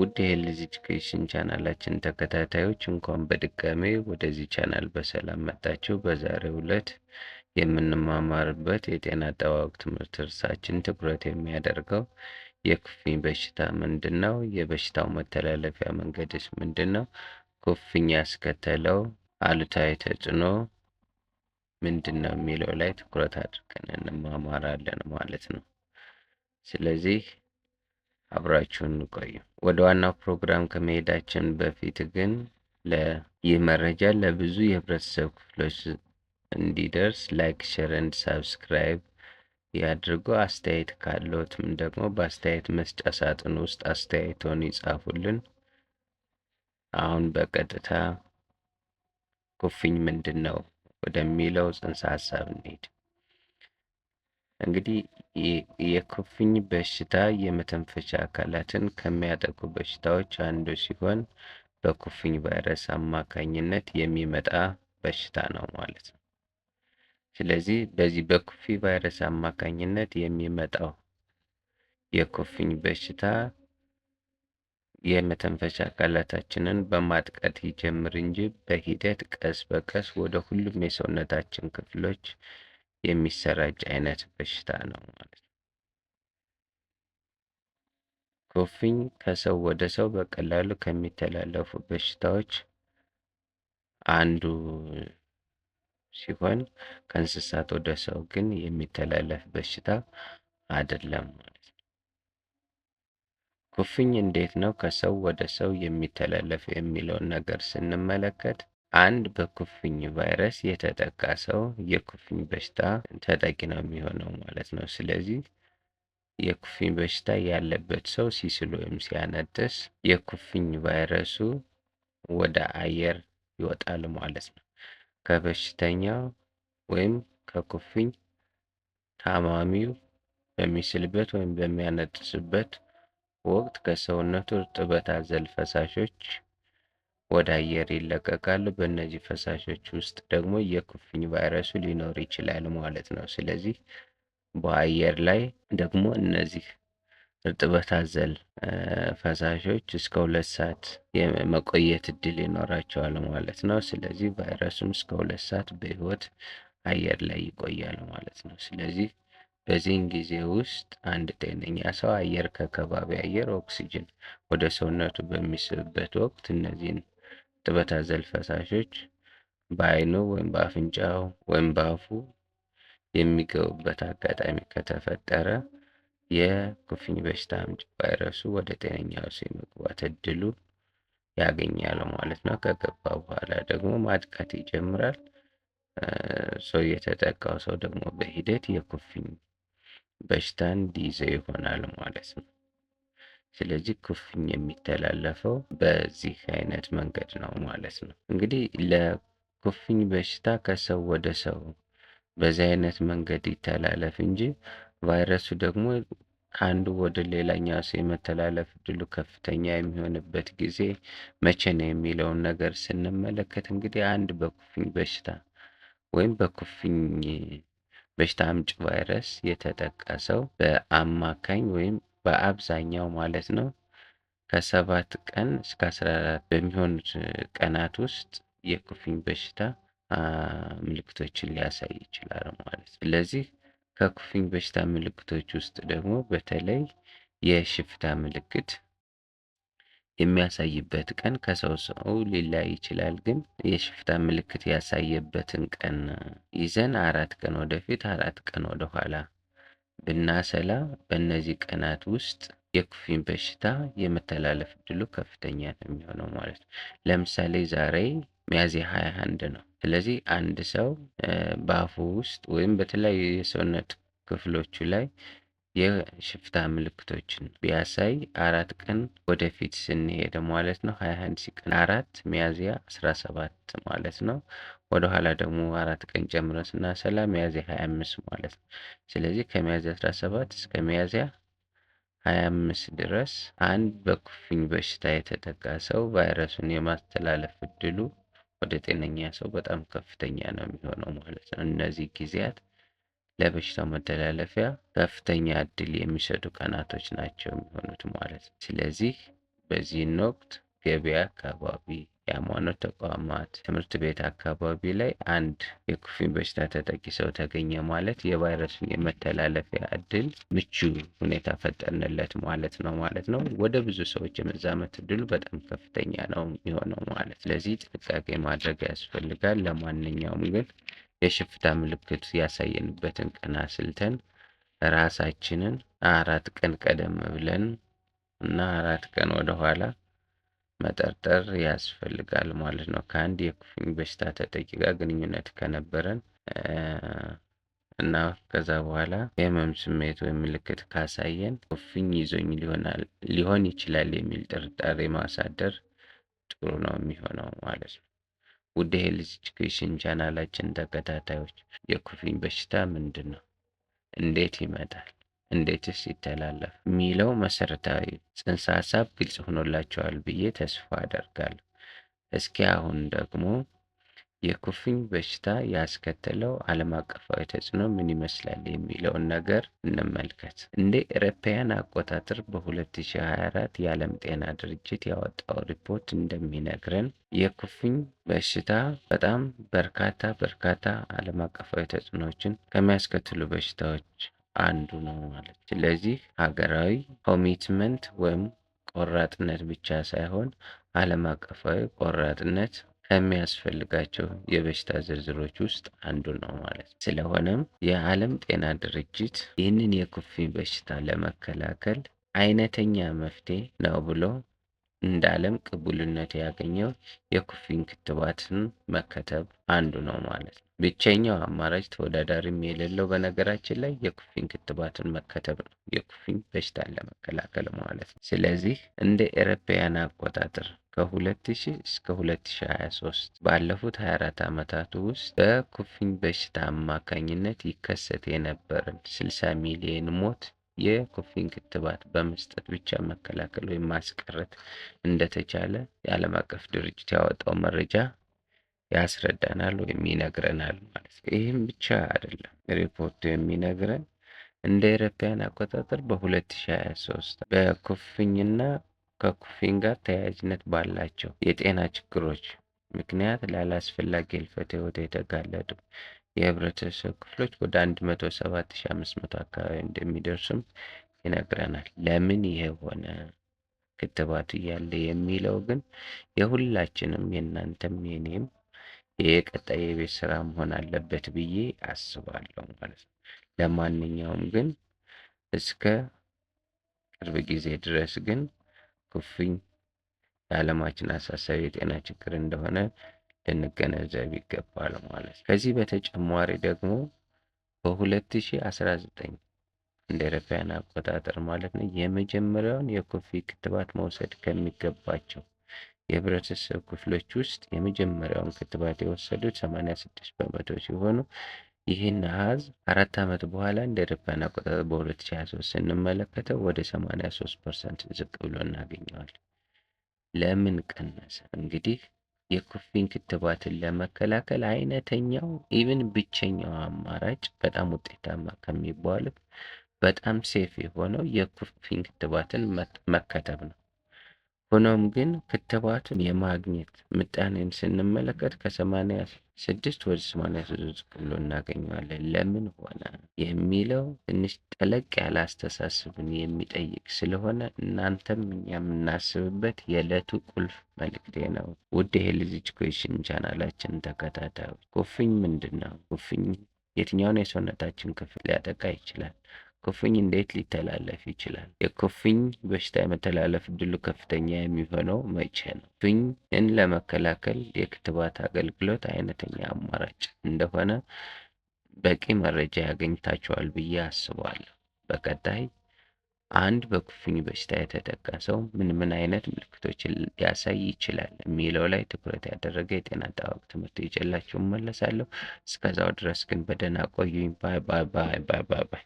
ውድ የሄልዝ ኤጁኬሽን ቻናላችን ተከታታዮች እንኳን በድጋሜ ወደዚህ ቻናል በሰላም መጣችሁ። በዛሬው ዕለት የምንማማርበት የጤና አጠባበቅ ትምህርት እርሳችን ትኩረት የሚያደርገው የኩፍኝ በሽታ ምንድን ነው? የበሽታው መተላለፊያ መንገድስ ምንድን ነው? ኩፍኝ ያስከተለው አሉታዊ ተጽዕኖ ምንድን ነው የሚለው ላይ ትኩረት አድርገን እንማማራለን ማለት ነው። ስለዚህ አብራችሁን እንቆዩ። ወደ ዋናው ፕሮግራም ከመሄዳችን በፊት ግን ይህ መረጃ ለብዙ የህብረተሰብ ክፍሎች እንዲደርስ ላይክ፣ ሸር እንድ ሳብስክራይብ ያድርጉ። አስተያየት ካለዎትም ደግሞ በአስተያየት መስጫ ሳጥን ውስጥ አስተያየቶን ይጻፉልን። አሁን በቀጥታ ኩፍኝ ምንድን ነው ወደሚለው ጽንሰ ሀሳብ እንሄድ። እንግዲህ የኩፍኝ በሽታ የመተንፈሻ አካላትን ከሚያጠቁ በሽታዎች አንዱ ሲሆን በኩፍኝ ቫይረስ አማካኝነት የሚመጣ በሽታ ነው ማለት ነው። ስለዚህ በዚህ በኩፍኝ ቫይረስ አማካኝነት የሚመጣው የኩፍኝ በሽታ የመተንፈሻ አካላታችንን በማጥቀት ይጀምር እንጂ በሂደት ቀስ በቀስ ወደ ሁሉም የሰውነታችን ክፍሎች የሚሰራጭ አይነት በሽታ ነው ማለት ነው። ኩፍኝ ከሰው ወደ ሰው በቀላሉ ከሚተላለፉ በሽታዎች አንዱ ሲሆን ከእንስሳት ወደ ሰው ግን የሚተላለፍ በሽታ አይደለም ማለት ነው። ኩፍኝ እንዴት ነው ከሰው ወደ ሰው የሚተላለፍ የሚለውን ነገር ስንመለከት አንድ በኩፍኝ ቫይረስ የተጠቃ ሰው የኩፍኝ በሽታ ተጠቂ ነው የሚሆነው ማለት ነው። ስለዚህ የኩፍኝ በሽታ ያለበት ሰው ሲስል ወይም ሲያነጥስ የኩፍኝ ቫይረሱ ወደ አየር ይወጣል ማለት ነው። ከበሽተኛው ወይም ከኩፍኝ ታማሚው በሚስልበት ወይም በሚያነጥስበት ወቅት ከሰውነቱ እርጥበት አዘል ፈሳሾች ወደ አየር ይለቀቃሉ። በእነዚህ ፈሳሾች ውስጥ ደግሞ የኩፍኝ ቫይረሱ ሊኖር ይችላል ማለት ነው። ስለዚህ በአየር ላይ ደግሞ እነዚህ እርጥበት አዘል ፈሳሾች እስከ ሁለት ሰዓት የመቆየት እድል ይኖራቸዋል ማለት ነው። ስለዚህ ቫይረሱም እስከ ሁለት ሰዓት በህይወት አየር ላይ ይቆያል ማለት ነው። ስለዚህ በዚህን ጊዜ ውስጥ አንድ ጤነኛ ሰው አየር ከከባቢ አየር ኦክሲጅን ወደ ሰውነቱ በሚስብበት ወቅት እነዚህን ጥበት አዘል ፈሳሾች በአይኑ ወይም በአፍንጫው ወይም በአፉ የሚገቡበት አጋጣሚ ከተፈጠረ የኩፍኝ በሽታ አምጪ ቫይረሱ ወደ ጤነኛው ሰው የመግባት እድሉ ያገኛሉ ማለት ነው። ከገባ በኋላ ደግሞ ማጥቃት ይጀምራል። ሰው የተጠቃው ሰው ደግሞ በሂደት የኩፍኝ በሽታ እንዲይዘው ይሆናል ማለት ነው። ስለዚህ ኩፍኝ የሚተላለፈው በዚህ አይነት መንገድ ነው ማለት ነው። እንግዲህ ለኩፍኝ በሽታ ከሰው ወደ ሰው በዚህ አይነት መንገድ ይተላለፍ እንጂ ቫይረሱ ደግሞ ከአንዱ ወደ ሌላኛው ሰው የመተላለፍ እድሉ ከፍተኛ የሚሆንበት ጊዜ መቼ ነው የሚለውን ነገር ስንመለከት እንግዲህ አንድ በኩፍኝ በሽታ ወይም በኩፍኝ በሽታ አምጭ ቫይረስ የተጠቃ ሰው በአማካኝ ወይም በአብዛኛው ማለት ነው ከሰባት ቀን እስከ አስራ አራት በሚሆኑት ቀናት ውስጥ የኩፍኝ በሽታ ምልክቶችን ሊያሳይ ይችላል ማለት ነው። ስለዚህ ከኩፍኝ በሽታ ምልክቶች ውስጥ ደግሞ በተለይ የሽፍታ ምልክት የሚያሳይበት ቀን ከሰው ሰው ሊለያይ ይችላል። ግን የሽፍታ ምልክት ያሳየበትን ቀን ይዘን አራት ቀን ወደፊት፣ አራት ቀን ወደኋላ ብናሰላ በእነዚህ ቀናት ውስጥ የኩፍኝ በሽታ የመተላለፍ እድሉ ከፍተኛ ነው የሚሆነው ማለት ነው። ለምሳሌ ዛሬ ሚያዝያ ሀያ አንድ ነው። ስለዚህ አንድ ሰው በአፉ ውስጥ ወይም በተለያዩ የሰውነት ክፍሎቹ ላይ የሽፍታ ምልክቶችን ቢያሳይ አራት ቀን ወደፊት ስንሄድ ማለት ነው ሀያ አንድ ሲቀን አራት ሚያዝያ አስራ ሰባት ማለት ነው። ወደኋላ ደግሞ አራት ቀን ጨምረን ስናሰላ ሚያዝያ ሀያ አምስት ማለት ነው። ስለዚህ ከሚያዝያ አስራ ሰባት እስከ ሚያዝያ ሀያ አምስት ድረስ አንድ በኩፍኝ በሽታ የተጠቃ ሰው ቫይረሱን የማስተላለፍ እድሉ ወደ ጤነኛ ሰው በጣም ከፍተኛ ነው የሚሆነው ማለት ነው እነዚህ ጊዜያት ለበሽታው መተላለፊያ ከፍተኛ እድል የሚሰጡ ቀናቶች ናቸው የሚሆኑት ማለት ነው። ስለዚህ በዚህን ወቅት ገበያ አካባቢ፣ የሃይማኖት ተቋማት፣ ትምህርት ቤት አካባቢ ላይ አንድ የኩፍኝ በሽታ ተጠቂ ሰው ተገኘ ማለት የቫይረሱን የመተላለፊያ እድል ምቹ ሁኔታ ፈጠርንለት ማለት ነው ማለት ነው። ወደ ብዙ ሰዎች የመዛመት እድሉ በጣም ከፍተኛ ነው የሚሆነው ማለት ስለዚህ ጥንቃቄ ማድረግ ያስፈልጋል። ለማንኛውም ግን የሽፍታ ምልክት ያሳየንበትን ቀን አስልተን ራሳችንን አራት ቀን ቀደም ብለን እና አራት ቀን ወደኋላ መጠርጠር ያስፈልጋል ማለት ነው። ከአንድ የኩፍኝ በሽታ ተጠቂ ጋር ግንኙነት ከነበረን እና ከዛ በኋላ የህመም ስሜት ወይም ምልክት ካሳየን ኩፍኝ ይዞኝ ሊሆን ይችላል የሚል ጥርጣሬ ማሳደር ጥሩ ነው የሚሆነው ማለት ነው። ወደ ሄልዝ ኤጁኬሽን ቻናላችን ተከታታዮች የኩፍኝ በሽታ ምንድን ነው? እንዴት ይመጣል? እንዴትስ ይተላለፍ? የሚለው መሰረታዊ ጽንሰ ሀሳብ ግልጽ ሆኖላቸዋል ብዬ ተስፋ አደርጋለሁ። እስኪ አሁን ደግሞ የኩፍኝ በሽታ ያስከተለው ዓለም አቀፋዊ ተጽዕኖ ምን ይመስላል የሚለውን ነገር እንመልከት። እንደ ኤሮፓያን አቆጣጠር በ2024 የዓለም ጤና ድርጅት ያወጣው ሪፖርት እንደሚነግረን የኩፍኝ በሽታ በጣም በርካታ በርካታ ዓለም አቀፋዊ ተጽዕኖዎችን ከሚያስከትሉ በሽታዎች አንዱ ነው ማለት። ስለዚህ ሀገራዊ ኮሚትመንት ወይም ቆራጥነት ብቻ ሳይሆን ዓለም አቀፋዊ ቆራጥነት ከሚያስፈልጋቸው የበሽታ ዝርዝሮች ውስጥ አንዱ ነው ማለት ነው። ስለሆነም የዓለም ጤና ድርጅት ይህንን የኩፍኝ በሽታ ለመከላከል አይነተኛ መፍትሄ ነው ብሎ እንደ ዓለም ቅቡልነት ያገኘው የኩፍኝ ክትባትን መከተብ አንዱ ነው ማለት ነው። ብቸኛው አማራጭ ተወዳዳሪም የሌለው በነገራችን ላይ የኩፍኝ ክትባትን መከተብ ነው፣ የኩፍኝ በሽታን ለመከላከል ማለት ነው። ስለዚህ እንደ ኤሮፓውያን አቆጣጠር ከ2000 እስከ 2023 ባለፉት 24 ዓመታት ውስጥ በኩፍኝ በሽታ አማካኝነት ይከሰት የነበረን 60 ሚሊዮን ሞት የኩፍኝ ክትባት በመስጠት ብቻ መከላከል ወይም ማስቀረት እንደተቻለ የዓለም አቀፍ ድርጅት ያወጣው መረጃ ያስረዳናል ወይም ይነግረናል ማለት ነው። ይህም ብቻ አይደለም ሪፖርቱ የሚነግረን እንደ ኤሮፓያን አቆጣጠር በ2023 በኩፍኝና ከኩፊን ጋር ተያያዥነት ባላቸው የጤና ችግሮች ምክንያት ላላስፈላጊ የህልፈተ ህይወት የተጋለጡ የህብረተሰብ ክፍሎች ወደ 17500 አካባቢ እንደሚደርሱም ይነግረናል። ለምን ይሄ ሆነ ክትባቱ እያለ የሚለው ግን የሁላችንም የእናንተም የኔም የቀጣይ የቤት ስራ መሆን አለበት ብዬ አስባለሁ ማለት ነው። ለማንኛውም ግን እስከ ቅርብ ጊዜ ድረስ ግን ኩፍኝ የዓለማችን አሳሳቢ የጤና ችግር እንደሆነ ልንገነዘብ ይገባል ማለት ነው። ከዚህ በተጨማሪ ደግሞ በ2019 እንደ ኤሮፓያን አቆጣጠር ማለት ነው የመጀመሪያውን የኩፍኝ ክትባት መውሰድ ከሚገባቸው የህብረተሰብ ክፍሎች ውስጥ የመጀመሪያውን ክትባት የወሰዱት 86 በመቶ ሲሆኑ ይህን አሃዝ አራት ዓመት በኋላ እንደ አውሮፓውያን አቆጣጠር በ2023 ስንመለከተው ወደ 83 ፐርሰንት ዝቅ ብሎ እናገኘዋለን። ለምን ቀነሰ? እንግዲህ የኩፍኝ ክትባትን ለመከላከል አይነተኛው ኢቭን ብቸኛው አማራጭ በጣም ውጤታማ ከሚባሉት በጣም ሴፍ የሆነው የኩፍኝ ክትባትን መከተብ ነው። ሆኖም ግን ክትባቱን የማግኘት ምጣኔን ስንመለከት ከሰማንያ ስድስት ወደ ሰማንያ ክሎ እናገኘዋለን። ለምን ሆነ የሚለው ትንሽ ጠለቅ ያለ አስተሳሰብን የሚጠይቅ ስለሆነ እናንተም እኛ የምናስብበት የዕለቱ ቁልፍ መልእክቴ ነው። ውድ ሄልዝ ኤጁኬሽን ቻናላችን ተከታታዮች ኩፍኝ ምንድን ነው? ኩፍኝ የትኛውን የሰውነታችን ክፍል ሊያጠቃ ይችላል? ኩፍኝ እንዴት ሊተላለፍ ይችላል? የኩፍኝ በሽታ የመተላለፍ እድሉ ከፍተኛ የሚሆነው መቼ ነው? ኩፍኝን ለመከላከል የክትባት አገልግሎት አይነተኛ አማራጭ እንደሆነ በቂ መረጃ ያገኝታቸዋል ብዬ አስባለሁ። በቀጣይ አንድ በኩፍኝ በሽታ የተጠቃ ሰው ምን ምን አይነት ምልክቶችን ሊያሳይ ይችላል የሚለው ላይ ትኩረት ያደረገ የጤና አጠባበቅ ትምህርት ይዤላችሁ እመለሳለሁ። እስከዛው ድረስ ግን በደህና ቆዩኝ። ባይ ባይ ባይ ባይ ባይ።